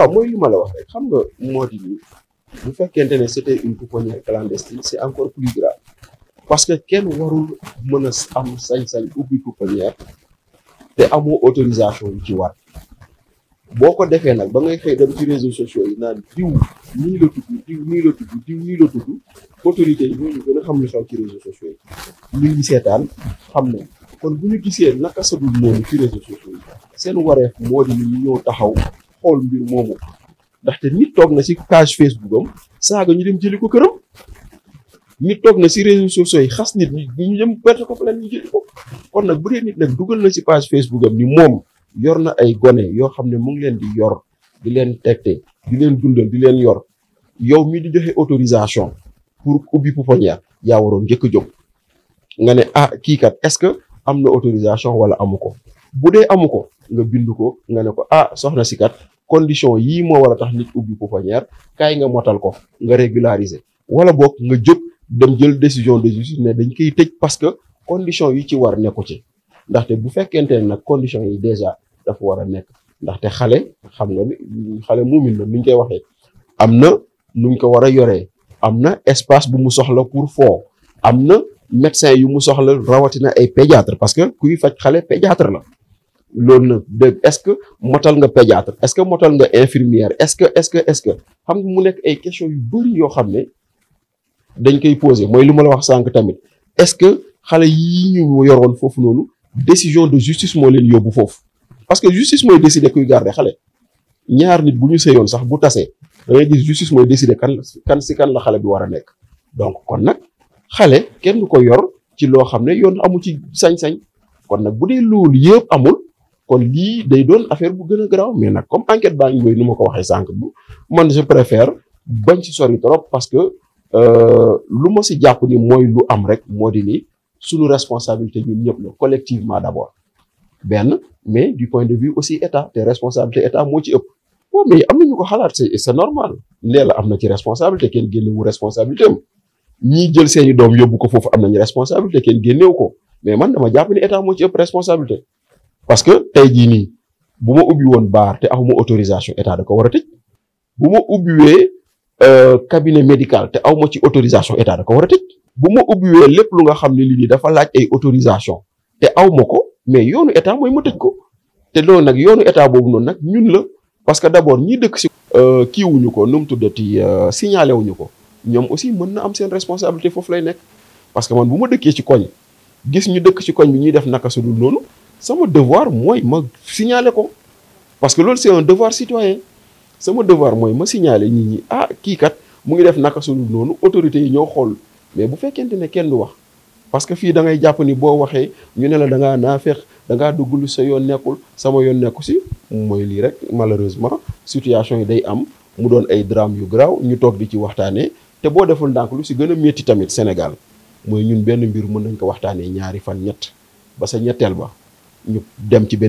waaw mooy li ma la wax rek xam nga moo di bu fekkente ne c'était une pouponnière clandestine c'est encore plus grave parce que kenn warul mën a am sañ-sañ ubbi pouponnière te amoo autorisation yu ci war boo ko defee nag ba ngay xëy dem ci réseaux sociaux yi naan diw nii la tudd diw nii la tudd autorité yi ñooñu gën a xam lu xew ci réseaux sociaux yi ñu ngi seetaan xam na kon bu ñu gisee naka sadul noonu ci réseaux sociaux yi seen wareef moo di taxaw xool mbir moomu ndaxte nit toog na si page Facebook am saaga ñu dem jëli ko këram nit toog na si réseaux sociaux yi xas nit ñu dem perte ko fële ko kon nag bu dee nit nag na si page Facebook am ni moom yor na ay gone yoo xam ne mu ngi leen di yor di leen tegte di leen dundal di leen yor yow mi di joxe autorisation pour ubbi pouponnière ya waroon njëkk a jóg nga ne ah kii est-ce que am na autorisation wala amu ko bu dee amu ko. nga bindu ko nga ne ko ah soxna si kat condition yii moo war a tax nit ubbi pouponnière kaay nga motal ko nga régulariser wala boog nga jóg dem jël décision de justice ne dañ koy tëj parce que condition yi ci war nekku ci ndaxte bu fekkente ne nag condition yi déjà dafa war a nekk ndaxte xale xam nga ni xale muumin la nuñ koy waxee am na nuñ ko war a yoree am na espace bu mu soxla pour foo am na médecin yu mu soxla rawatina ay pédiatre parce que kuy faj xale pédiatre la loolu nag dëgg est-ce que motal nga pédiatre est-ce que motal nga infirmière est-ce que ce que est-ce que xam nga mu nekk ay question yu bëri yoo xam ne dañ koy poser mooy li ma la wax sànq tamit est-ce que xale yi ñu yoroon foofu noonu décision de justice moo leen yóbbu foofu parce que justice mooy décider kuy garder xale ñaar nit bu ñu seyoon sax bu tasee da ngay gis justice mooy décider kan kan si kan la xale bi war a nekk donc kon nag xale kenn du ko yor ci loo xam ne yoon amu ci sañ-sañ kon nag bu dee loolu yëpp amul kon lii day doon affaire bu gën a garaaw mais nag comme enquête baa ngi wéy nu ma ko waxee sànq bu man je préfère bañ ci sori trop parce que euh, lu ma si jàpp ni mooy lu am rek moo di ni suñu responsabilité ñun ñëpp la collectivement d'abord benn mais du point de vue aussi état te responsabilité état moo ci ëpp waaw mais am nañu ko xalaat c'est c'est normal lee am na ci responsabilité kenn génnewu responsabilité am ñii jël seeni doom yóbbu ko foofu am nañu responsabilité kenn génnewu ko mais man dama jàpp moo ci ëpp parce que tey jii nii bu ma ubbi woon baar te amuma autorisation état da ko war a tëj bu ma ubbiwee euh, cabinet médical te awma ci autorisation état ko war bu ma ubbiwee lépp lu nga xam ne lii dafa laaj ay autorisation te awma ko mais yoonu état mooy ma tëj ko te loolu nag yoonu état boobu noonu nag ñun la parce que d'abord ñii dëkk si euh, kii wuñu ko nu mu tuddati euh, signalé wuñu ko ñoom aussi mën na am seen responsabilité foofu lay nekk parce que man bu ma dëkkee ci koñ gis ñu dëkk ci koñ bi ñuy def naka su dul noonu sama devoir mooy ma signaler ko parce que loolu c'est un devoir citoyen sama devoir mooy ma signaler nit ñi ah kii kat mu ngi def naka suñu noonu autorités yi ñoo xool mais bu fekkente ne kenn du wax parce que fii da ngay jàpp ni boo waxee ñu ne la da ngaa naafeex da ngaa dugg lu sa yoon nekkul sama yoon nekku si mooy lii rek malheureusement situation yi day am mu doon ay drame yu garaaw ñu toog di ci waxtaanee te boo deful ndànk lu si gën a métti tamit Sénégal mooy ñun benn mbir mën nañ ko waxtaanee ñaari fan ñett ba sa ñetteel ñu dem ci beneen.